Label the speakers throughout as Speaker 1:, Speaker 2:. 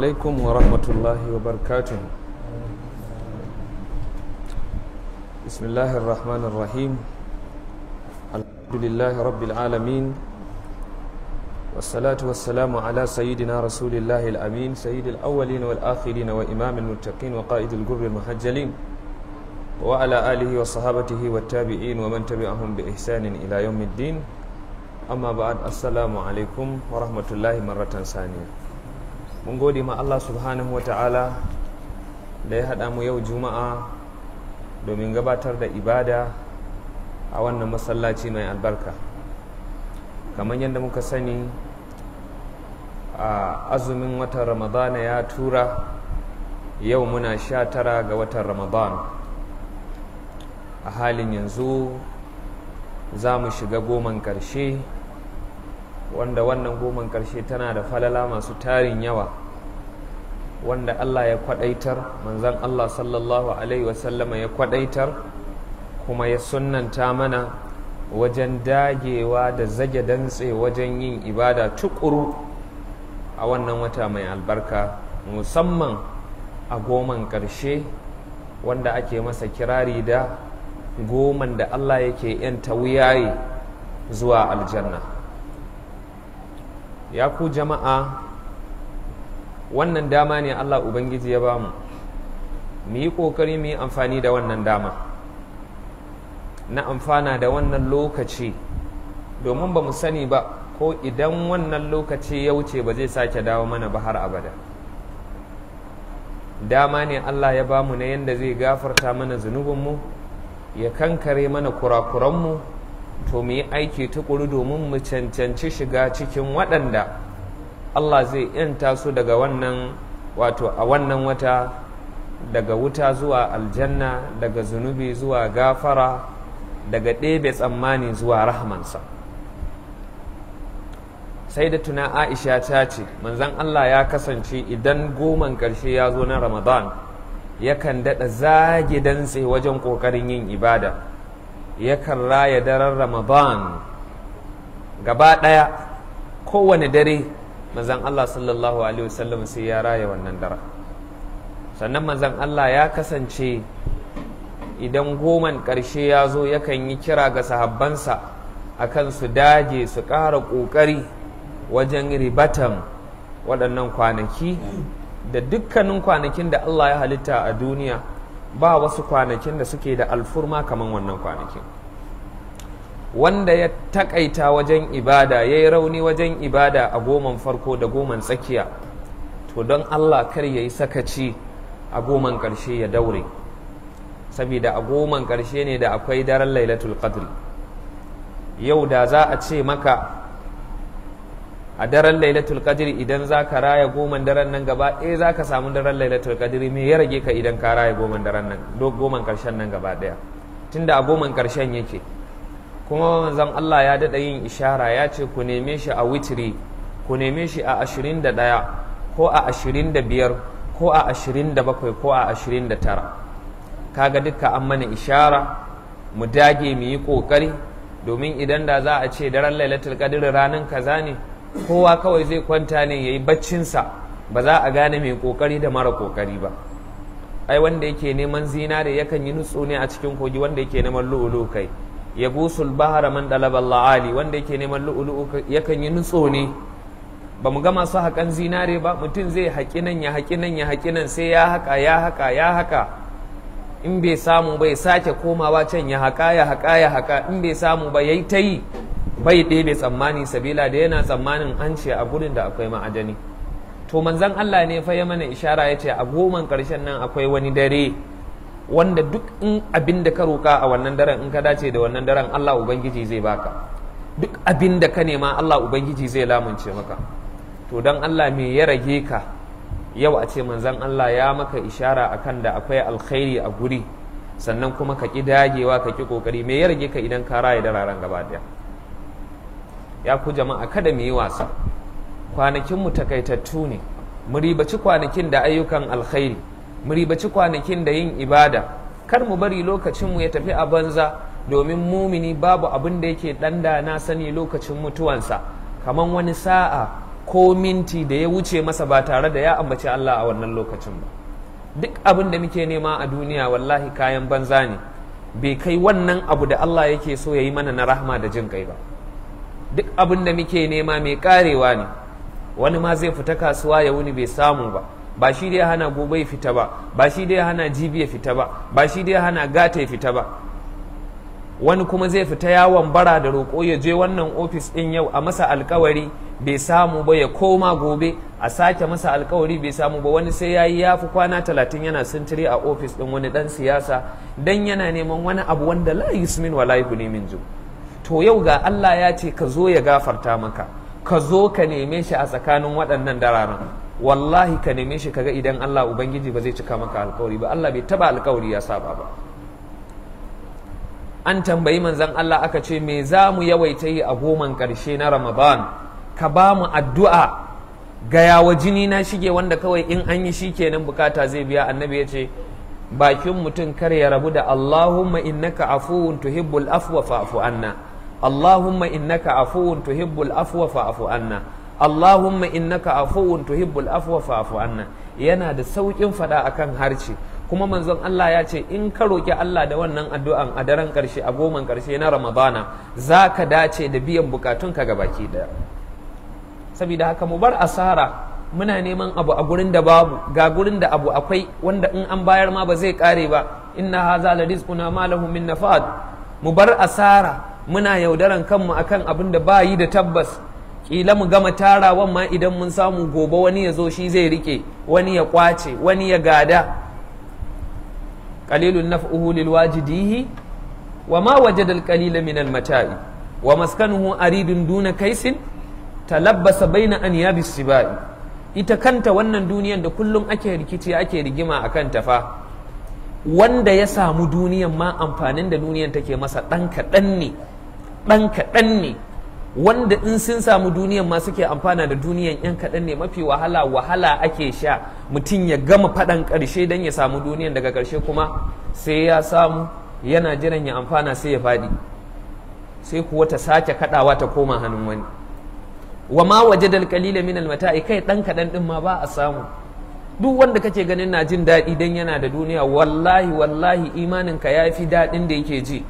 Speaker 1: alaikum wa rahmatullahi wa barkatun bismillahir rahmanir rahim alhamdulillahi rabbil alamin wassalatu wassalamu ala sayyidina rasulillahi al-amin sayyidil awwalin wal akhirin wa imamil muttaqin wa qaidil gurril muhajjalin wa ala alihi wa sahabatihi wa tabi'in wa man tabi'ahum bi ihsanin ila yawmiddin amma ba'd assalamu alaikum wa rahmatullahi marratan saniyah mun gode ma Allah subhanahu wa ta'ala da ya haɗa mu yau juma'a domin gabatar da ibada a wannan masallaci mai albarka kamar yadda muka sani a azumin watan ramadana ya tura yau muna sha tara ga watan ramadana a halin yanzu za mu shiga goman ƙarshe wanda wannan goman ƙarshe tana da falala masu tarin yawa wanda Allah ya kwadaitar manzan Allah sallallahu alaihi wasallama ya kwadaitar kuma ya sunanta mana wajen dagewa da zage dantse wajen yin ibada tukuru a wannan wata mai albarka musamman a goman ƙarshe wanda ake masa kirari da goman da Allah yake yanta wuyaye zuwa aljanna ya ku jama'a wannan dama ne Allah Ubangiji ya bamu mu yi ƙoƙari mu yi amfani da wannan dama na amfana da wannan lokaci domin ba mu sani ba ko idan wannan lokaci ya wuce ba zai sake dawo mana ba har abada dama ne Allah ya bamu na yadda zai gafarta mana zunubinmu ya kankare mana kurakuranmu to mu yi aiki tukuru domin mu cancanci shiga cikin waɗanda Allah zai yanta su daga wannan wato a wannan wata daga wuta zuwa aljanna daga zunubi zuwa gafara daga ɗebe tsammani zuwa rahmansa sai da tuna aisha ta ce manzan Allah ya kasance idan goman ƙarshe ya zo na ramadan yakan daɗa zage dantse wajen ƙoƙarin yin ibada yakan raya daren ramadan gaba ɗaya kowane dare manzan Allah sallallahu alaihi wasallam sai ya raya wannan dara sannan manzan Allah ya kasance idan goman ƙarshe ya zo yakan yi kira ga sahabbansa akan su daje su ƙara ƙoƙari wajen ribatan waɗannan kwanaki da dukkanin kwanakin da Allah ya halitta a duniya ba wasu kwanakin da suke da alfurma kamar wannan kwanakin wanda ya takaita wajen ibada ya yi rauni wajen ibada a goman farko da goman tsakiya to don Allah kar ya yi sakaci a goman ƙarshe ya daure saboda a goman ƙarshe ne da akwai daren lailatul qadr yau da za a ce maka a daren lailatul qadr idan za ka raya goman daren nan gaba ɗaya za ka samu daren lailatul qadr me ya rage ka idan ka raya goman daren nan goman ƙarshen nan gaba ɗaya tunda a goman ƙarshen yake kuma manzon Allah ya daɗa yin ishara ya ce ku neme shi a witiri ku neme shi a ashirin da ɗaya ko a ashirin da biyar ko a ashirin da bakwai ko a ashirin da tara kaga duka an mana ishara mu dage mu yi ƙoƙari domin idan da za a ce daren lailatul qadr ranar kaza ne kowa kawai zai kwanta ne ya yi baccinsa ba za a gane mai ƙoƙari da mara ƙoƙari ba ai wanda yake neman zinare yakan yi nutso ne a cikin kogi wanda yake neman lu'ulu kai ya busul bahara man dalaba ali wanda yake neman lu'ulu'u yakan yi nutso ne bamu ga masu haƙan zinare ba mutum zai haƙi nan ya haƙi nan ya haƙi nan sai ya haƙa ya haƙa ya haƙa in bai samu bai sake komawa can ya haƙa ya haƙa ya haƙa in bai samu ba yayi ta yi bai ɗebe tsammani sabila da yana tsammanin an ce a gurin da akwai ma'ajani to manzon Allah ne fa ya mana ishara ya ce a goman karshen nan akwai wani dare wanda duk in abin da ka roka a wannan daren in ka dace da wannan daren Allah ubangiji zai baka duk abin da ka nema Allah ubangiji zai lamunce maka to don Allah me ya rage ka yau a ce manzon Allah ya maka ishara akan da akwai alkhairi a guri sannan kuma ka ki dagewa ka ki kokari me ya rage ka idan ka raye da raran gaba daya ya ku jama'a kada mu yi wasa kwanakinmu takaitattu ne mu ribaci kwanakin da ayyukan alkhairi mu ribaci kwanakin da yin ibada kar mu bari lokacinmu ya tafi a banza domin mumini babu abin da yake danda na sani lokacin mutuwansa kamar wani sa'a ko minti da ya wuce masa ba tare da ya ambaci Allah a wannan lokacin ba duk abin da muke nema a duniya wallahi kayan banza ne bai kai wannan abu da Allah yake so ya yi mana na rahma da jin kai ba duk abin da muke nema mai karewa ne wani ma zai fita kasuwa ya wuni bai samu ba ba shi dai hana gobe ya fita ba ba shi dai hana jibi ya fita ba ba shi dai hana gata ya fita ba wani kuma zai fita yawon bara da roƙo ya je wannan ofis ɗin yau a masa alkawari bai samu ba ya koma gobe a sake masa alkawari bai samu ba wani sai ya yi ya fi kwana talatin yana sintiri a ofis ɗin wani ɗan siyasa dan yana neman wani abu wanda la yusmin wa la yughni min ju to yau ga Allah ya ce ka zo ya gafarta maka ka zo ka neme shi a tsakanin waɗannan dararan. wallahi ka neme shi kaga idan Allah ubangiji ba zai cika maka alkawari ba Allah bai taba alkawari ya saba ba an tambayi manzan Allah aka ce me za mu yawaita yi a goman karshe na Ramadan ka ba mu addu'a ga yawa jini na shige wanda kawai in an yi shikenan bukata zai biya annabi ya ce bakin mutum kar ya rabu da Allahumma innaka afuwun tuhibbul afwa fa'fu anna Allahumma innaka afuwun tuhibbul afwa fa'fu anna Allahumma innaka afuwun tuhibbul afwa fa'fu anna yana da saukin fada akan harshe kuma manzon Allah ya ce in ka roki Allah da wannan addu'an a daren karshe a goman karshe na Ramadana za ka dace da biyan ka ga baki daya saboda haka mu bar asara muna neman abu a gurin da babu ga gurin da abu akwai wanda in an bayar ma ba zai kare ba inna haza la rizquna ma lahu min nafad mu bar asara muna yaudaran kanmu akan abin da bayi da tabbas kila mu gama tarawan ma idan mun samu gobe wani ya zo shi zai rike wani ya kwace wani ya gada qalilun naf'uhu lil wajidihi wa ma wajada al qalila min al mata'i wa maskanuhu aridun duna kaisin talabbasa baina an sibai ita kanta wannan duniyan da kullum ake rikici ake rigima akan ta fa wanda ya samu duniyan ma amfanin da duniyan take masa ɗan kaɗan ne ɗan kaɗan ne wanda in sun samu duniyan ma suke amfana da duniyan yan kaɗan ne mafi wahala wahala ake sha mutum ya gama faɗan ƙarshe don ya samu duniyan daga ƙarshe kuma sai ya samu yana jiran ya amfana sai ya faɗi sai kuwa ta sake kaɗawa ta koma hannun wani wa ma waje dal kalila min almata'i kai ɗan kaɗan ɗin ma ba a samu duk wanda kake ganin na jin daɗi don yana da duniya wallahi wallahi imaninka ya fi daɗin da yake ji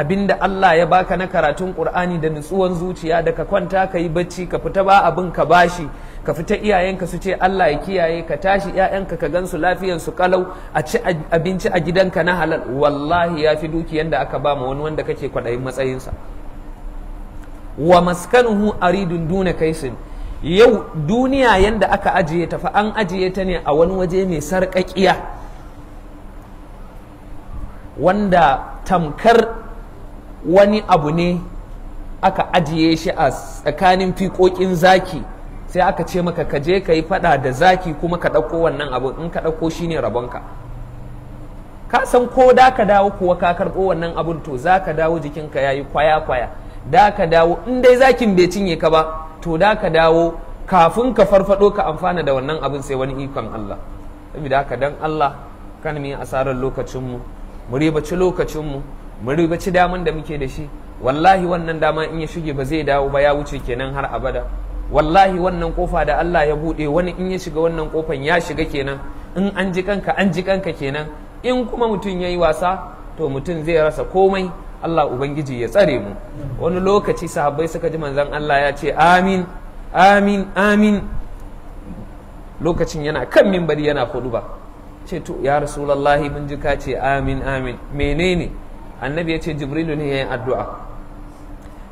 Speaker 1: abinda Allah ya baka na karatun Qur'ani da nutsuwan zuciya da ka kwanta ka yi bacci ka fita ba abin ka bashi ka fita iyayenka su ce Allah ya kiyaye ka tashi iyayenka ka gansu lafiyar su kalau a ci abinci a gidanka na halal wallahi ya fi dukiyan da aka ba ma wani wanda kake kwaɗayin matsayinsa wa maskanuhu aridun duna kaisin yau duniya yanda aka ajiye ta fa an ajiye ta ne a wani waje mai sarƙaƙiya wanda tamkar wani abu ne aka ajiye shi a tsakanin fiƙoƙin zaki sai aka ce maka ka je ka yi faɗa da zaki kuma ka ɗauko wannan abu in ka ɗauko shi ne rabonka ka san ko da ka dawo kuwa ka karɓo wannan abun to za ka dawo jikinka ya yi kwaya-kwaya da ka dawo in dai zakin bai cinye ka ba to da ka dawo kafin ka farfaɗo ka amfana da wannan abin sai wani ikon Allah saboda haka dan Allah kan mu yi asarar lokacinmu mu ribaci lokacinmu mu ci daman da muke da shi wallahi wannan dama in ya shige ba zai dawo ba ya wuce kenan har abada wallahi wannan kofa da Allah ya buɗe wani in ya shiga wannan kofan ya shiga kenan in an ji kanka an ji kanka kenan in kuma mutum ya yi wasa to mutum zai rasa komai Allah Ubangiji ya tsare mu wani lokaci sahabbai suka ji manzon Allah ya ce amin amin amin lokacin yana kan mimbari yana kudu ba ce to ya rasulullahi mun ji ka ce amin amin menene annabi ya ce jibrilu ne ya yi addu'a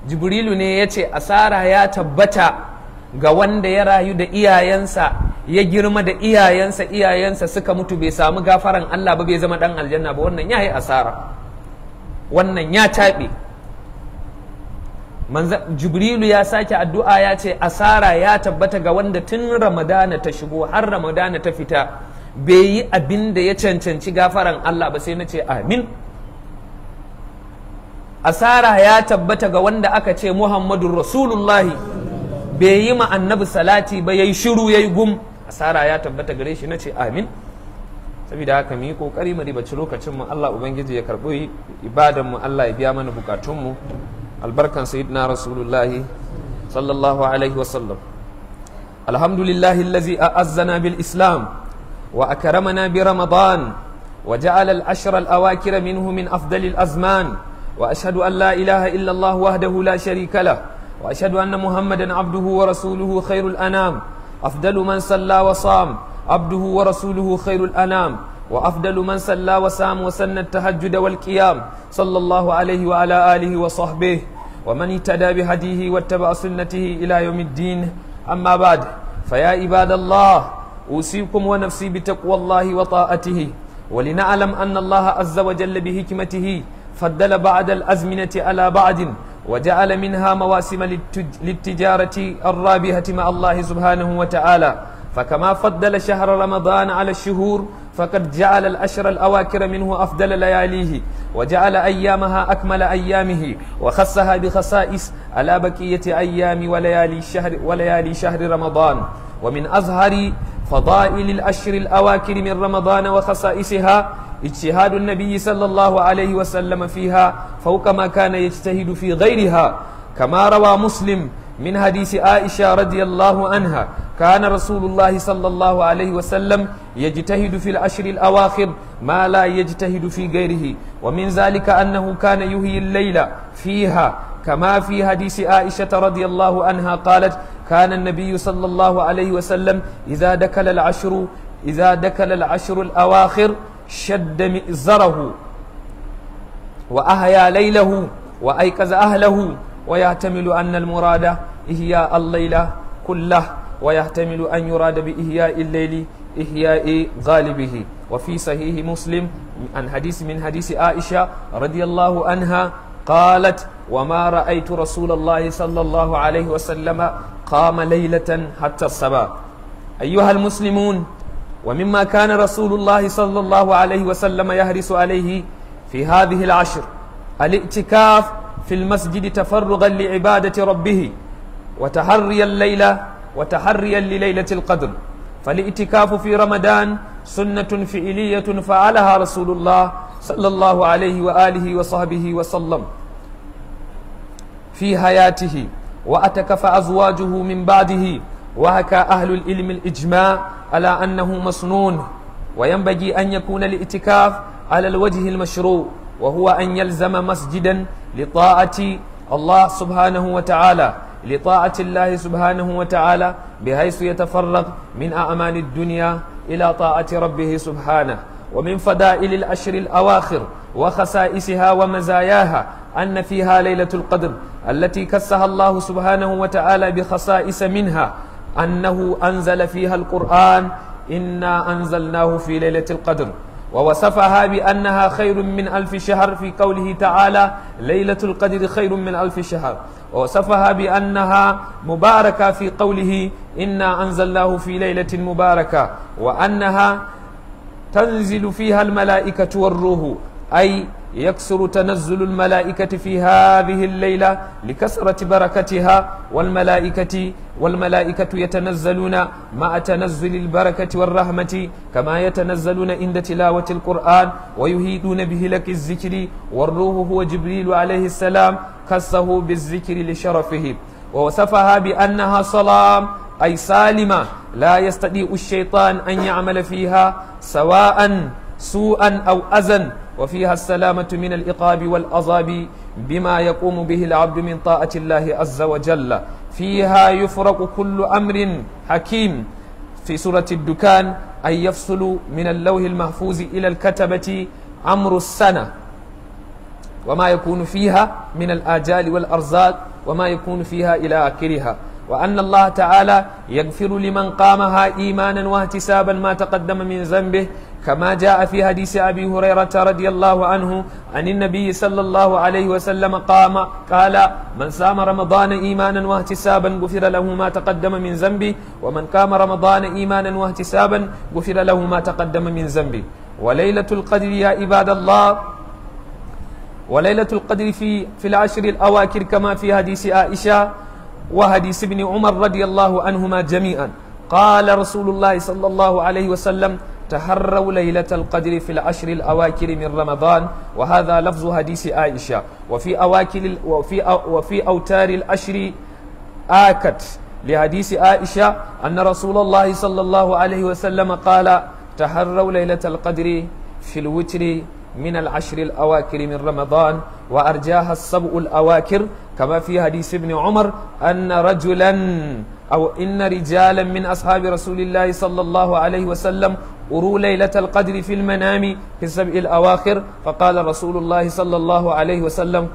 Speaker 1: jibrilu ne ya ce asara ya tabbata ga wanda ya rayu da iyayensa ya girma da iyayensa iyayensa suka mutu bai samu gafaran Allah ba bai zama dan aljanna ba wannan ya yi asara wannan ya taɓe jibrilu ya sake addu'a ya ce asara ya tabbata ga wanda tun ramadana ta shigo har ramadana ta fita bai yi abin da ya cancanci gafaran Allah ba sai na ce amin asara ya tabbata ga wanda aka ce muhammadun rasulullahi bai yi ma annabi salati ba yayi shiru yayi gum asara ya tabbata gare shi nace amin saboda haka mu yi kokari mu ribaci lokacin mu Allah ubangiji ya karbi ibadan mu Allah ya biya mana bukatun mu albarkan sayyidina rasulullahi sallallahu alaihi wasallam alhamdulillahi allazi a'azzana bil islam wa akramana bi ramadan وجعل العشر الأواكر منه من أفضل الأزمان وأشهد أن لا إله إلا الله وحده لا شريك له وأشهد أن محمدا عبده ورسوله خير الأنام أفضل من صلى وصام عبده ورسوله خير الأنام وأفضل من صلى وسام وسن التهجد والقيام صلى الله عليه وعلى آله وصحبه ومن اهتدى بهديه واتبع سنته إلى يوم الدين أما بعد فيا عباد الله أوصيكم ونفسي بتقوى الله وطاعته ولنعلم أن الله عز وجل بحكمته فضل بعض الأزمنة على بعض وجعل منها مواسم للتجارة الرابحة مع الله سبحانه وتعالى فكما فضل شهر رمضان على الشهور فقد جعل الأشر الأواكر منه أفضل لياليه وجعل أيامها أكمل أيامه وخصها بخصائص على بقية أيام وليالي شهر, وليالي شهر رمضان ومن أظهر فضائل الأشر الأواكر من رمضان وخصائصها اجتهاد النبي صلى الله عليه وسلم فيها فوق ما كان يجتهد في غيرها كما روى مسلم من حديث عائشة رضي الله عنها كان رسول الله صلى الله عليه وسلم يجتهد في العشر الأواخر ما لا يجتهد في غيره ومن ذلك أنه كان يهي الليل فيها كما في حديث عائشة رضي الله عنها قالت كان النبي صلى الله عليه وسلم إذا دكل العشر إذا دكل العشر الأواخر شد مئزره وأهيا ليله وأيقظ أهله ويحتمل أن المراد إهياء الليل كله ويحتمل أن يراد بإهياء الليل إهياء غالبه وفي صحيح مسلم عن حديث من حديث عائشة رضي الله عنها قالت وما رأيت رسول الله صلى الله عليه وسلم قام ليلة حتى الصباح أيها المسلمون ومما كان رسول الله صلى الله عليه وسلم يهرس عليه في هذه العشر الاعتكاف في المسجد تفرغا لعبادة ربه وتحريا الليلة وتحريا لليلة القدر فالاعتكاف في رمضان سنة فعلية فعلها رسول الله صلى الله عليه وآله وصحبه وسلم في حياته وأتكف أزواجه من بعده وهكا أهل العلم الإجماع على أنه مصنون وينبغي أن يكون الاعتكاف على الوجه المشروع وهو أن يلزم مسجدا لطاعة الله سبحانه وتعالى لطاعة الله سبحانه وتعالى بحيث يتفرغ من أعمال الدنيا إلى طاعة ربه سبحانه ومن فضائل الأشر الأواخر وخسائسها ومزاياها أن فيها ليلة القدر التي كسها الله سبحانه وتعالى بخصائص منها أنه أنزل فيها القرآن إنا أنزلناه في ليلة القدر ووصفها بأنها خير من ألف شهر في قوله تعالى ليلة القدر خير من ألف شهر ووصفها بأنها مباركة في قوله إنا أنزلناه في ليلة مباركة وأنها تنزل فيها الملائكة والروح أي يكسر تنزل الملائكة في هذه الليلة لكسرة بركتها والملائكة والملائكة يتنزلون مع تنزل البركة والرحمة كما يتنزلون عند تلاوة القرآن ويهيدون بهلك الذكر والروح هو جبريل عليه السلام كسه بالذكر لشرفه ووصفها بأنها صلاة أي سالمة لا يستطيع الشيطان أن يعمل فيها سواء سوءا أو أذى وفيها السلامة من الإقاب والأضاب بما يقوم به العبد من طاعة الله عز وجل فيها يفرق كل أمر حكيم في سورة الدكان أن يفصل من اللوح المحفوظ إلى الكتبة أمر السنة وما يكون فيها من الآجال والأرزاق وما يكون فيها إلى آخرها وأن الله تعالى يغفر لمن قامها إيمانا واحتسابا ما تقدم من ذنبه كما جاء في حديث أبي هريرة رضي الله عنه عن النبي صلى الله عليه وسلم قام قال من سام رمضان إيمانا واحتسابا غفر له ما تقدم من ذنبه ومن قام رمضان إيمانا واحتسابا غفر له ما تقدم من ذنبه وليلة القدر يا عباد الله وليلة القدر في في العشر الأواخر كما في حديث عائشة وحديث ابن عمر رضي الله عنهما جميعا قال رسول الله صلى الله عليه وسلم تهروا ليلة القدر في العشر الأواكر من رمضان وهذا لفظ حديث عائشة وفي أواكل وفي وفي أوتار العشر آكت لحديث عائشة أن رسول الله صلى الله عليه وسلم قال تهروا ليلة القدر في الوتر من العشر الأواكر من رمضان وأرجاها السبع الأواكر كما في حديث ابن عمر أن رجلا أو إن رجالا من أصحاب رسول الله صلى الله عليه وسلم أروا ليلة القدر في المنام في السبع الأواخر فقال رسول الله صلى الله عليه وسلم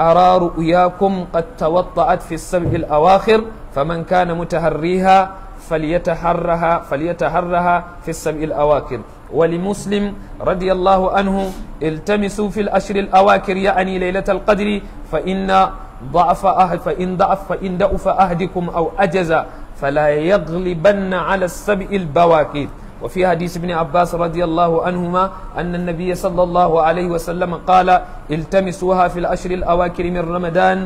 Speaker 1: أرى رؤياكم قد توطأت في السبع الأواخر فمن كان متهريها فليتحرها فليتحرها في السبع الأواخر ولمسلم رضي الله عنه التمسوا في الأشر الأواخر يعني ليلة القدر فإن ضعف أهد فإن ضعف فإن ضعف أهدكم أو أجز فلا يغلبن على السبع البواكر وفي حديث ابن عباس رضي الله عنهما أن النبي صلى الله عليه وسلم قال التمسوها في الأشر الأواكر من رمضان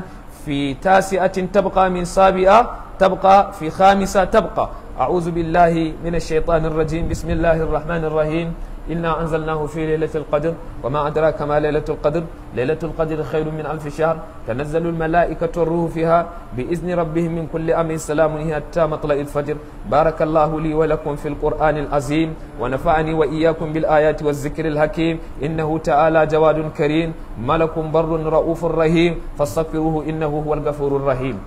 Speaker 1: في تاسعة تبقى من سابعة تبقى في خامسة تبقى أعوذ بالله من الشيطان الرجيم بسم الله الرحمن الرحيم إنا أنزلناه في ليلة القدر وما أدراك ما ليلة القدر ليلة القدر خير من ألف شهر تنزل الملائكة والروح فيها بإذن ربهم من كل أمر سلام هي حتى مطلع الفجر بارك الله لي ولكم في القرآن العظيم ونفعني وإياكم بالآيات والذكر الحكيم إنه تعالى جواد كريم ملك بر رؤوف رحيم فاستغفروه إنه هو الغفور الرحيم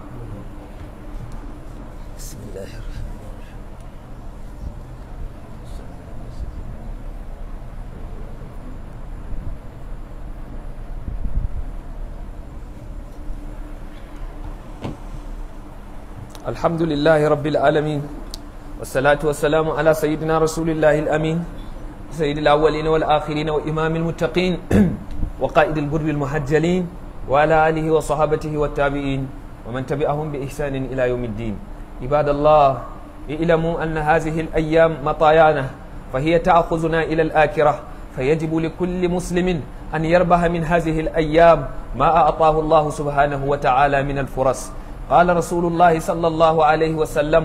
Speaker 1: الحمد لله رب العالمين والصلاة والسلام على سيدنا رسول الله الأمين سيد الأولين والآخرين وإمام المتقين وقائد البر المهجلين وعلى آله وصحابته والتابعين ومن تبعهم بإحسان إلى يوم الدين عباد الله اعلموا أن هذه الأيام مطايانا فهي تأخذنا إلى الآخرة فيجب لكل مسلم أن يربح من هذه الأيام ما أعطاه الله سبحانه وتعالى من الفرص قال رسول الله صلى الله عليه وسلم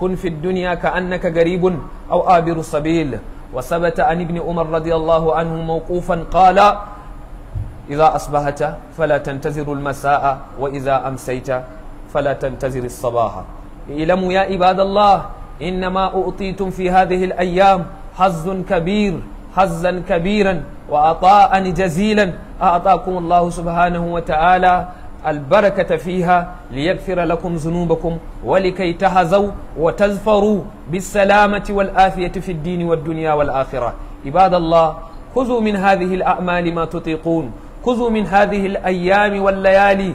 Speaker 1: كن في الدنيا كأنك غريب أو آبر السبيل وثبت عن ابن عمر رضي الله عنه موقوفا قال إذا أصبحت فلا تنتظر المساء وإذا أمسيت فلا تنتظر الصباح إلموا يا عباد الله إنما أعطيتم في هذه الأيام حظ كبير حظا كبيرا وعطاء جزيلا أعطاكم الله سبحانه وتعالى البركة فيها ليغفر لكم ذنوبكم ولكي تهزوا وتزفروا بالسلامة والآفية في الدين والدنيا والآخرة عباد الله خذوا من هذه الأعمال ما تطيقون خذوا من هذه الأيام والليالي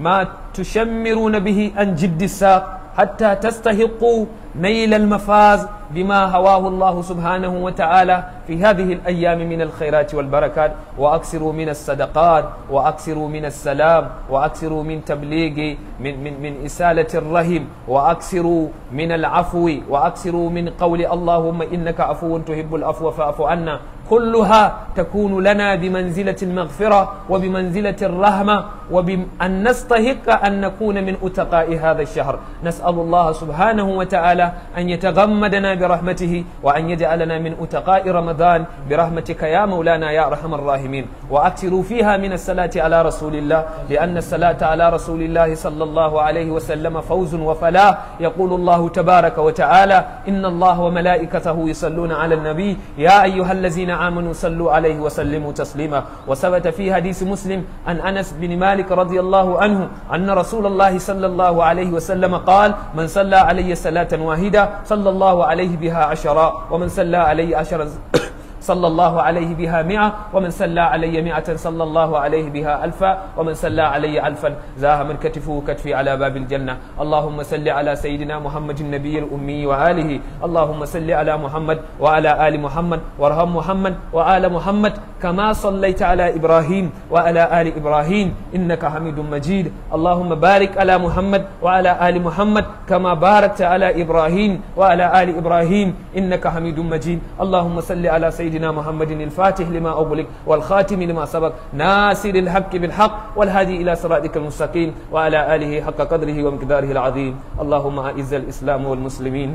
Speaker 1: ما تشمرون به عن جد الساق حتى تستحقوا نيل المفاز بما هواه الله سبحانه وتعالى في هذه الأيام من الخيرات والبركات وأكثروا من الصدقات وأكثروا من السلام وأكثروا من تبليغ من, من, من إسالة الرحم وأكثروا من العفو وأكثروا من قول اللهم إنك عفو تحب العفو فاعف عنا كلها تكون لنا بمنزلة المغفرة وبمنزلة الرحمة وبأن نستحق أن نكون من أتقاء هذا الشهر نسأل الله سبحانه وتعالى أن يتغمدنا برحمته وأن يجعلنا من أتقاء رمضان برحمتك يا مولانا يا أرحم الراحمين وأكثروا فيها من الصلاة على رسول الله لأن الصلاة على رسول الله صلى الله عليه وسلم فوز وفلاة يقول الله تبارك وتعالى إن الله وملائكته يصلون على النبي يا أيها الذين آمنوا صلوا عليه وسلموا تسليما وثبت في حديث مسلم أن أنس بن مالك رضي الله عنه أن رسول الله صلى الله عليه وسلم قال من صلى علي صلاة واحدة صلى الله عليه بها عشرا ومن صلى علي عشرا صلى الله عليه بها مئة ومن سلى علي مئة صلى الله عليه بها ألفا ومن سلى علي ألفا زاه من كتفه كتفي على باب الجنة اللهم سل على سيدنا محمد النبي الأمي وآله اللهم سل على محمد وعلى آل محمد وارحم محمد وآل محمد كما صليت على إبراهيم وعلى آل إبراهيم إنك حميد مجيد اللهم بارك على محمد وعلى آل محمد كما باركت على إبراهيم وعلى آل إبراهيم إنك حميد مجيد اللهم صل على سيدنا محمد الفاتح لما أغلق والخاتم لما سبق ناصر الحق بالحق والهادي إلى صراطك المستقيم وعلى آله حق قدره ومقداره العظيم اللهم أعز الإسلام والمسلمين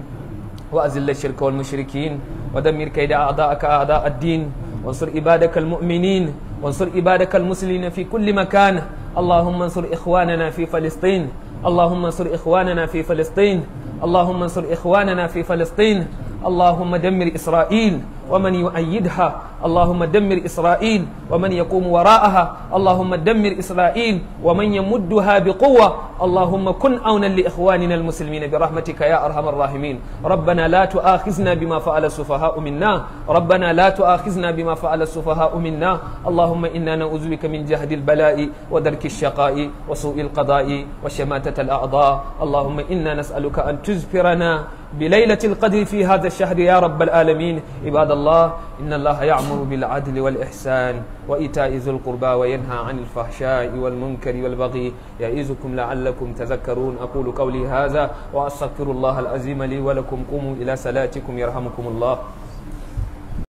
Speaker 1: وأذل الشرك والمشركين ودمر كيد أعداءك أعداء الدين وانصر عبادك المؤمنين وانصر عبادك المسلمين في كل مكان اللهم انصر إخواننا في فلسطين اللهم انصر إخواننا في فلسطين اللهم انصر إخواننا في فلسطين اللهم دمر إسرائيل ومن يؤيدها اللهم دمر إسرائيل ومن يقوم وراءها اللهم دمر إسرائيل ومن يمدها بقوة اللهم كن أونا لإخواننا المسلمين برحمتك يا أرحم الراحمين ربنا لا تؤاخذنا بما فعل السفهاء منا ربنا لا تؤاخذنا بما فعل السفهاء منا اللهم إنا نعوذ بك من جهد البلاء ودرك الشقاء وسوء القضاء وشماتة الأعضاء اللهم إنا نسألك أن تزفرنا بليلة القدر في هذا الشهر يا رب العالمين عباد الله الله إن الله يعمر بالعدل والإحسان وإيتاء ذي القربى وينهى عن الفحشاء والمنكر والبغي يعظكم لعلكم تذكرون أقول قولي هذا وأستغفر الله العظيم لي ولكم قوموا إلى صلاتكم يرحمكم الله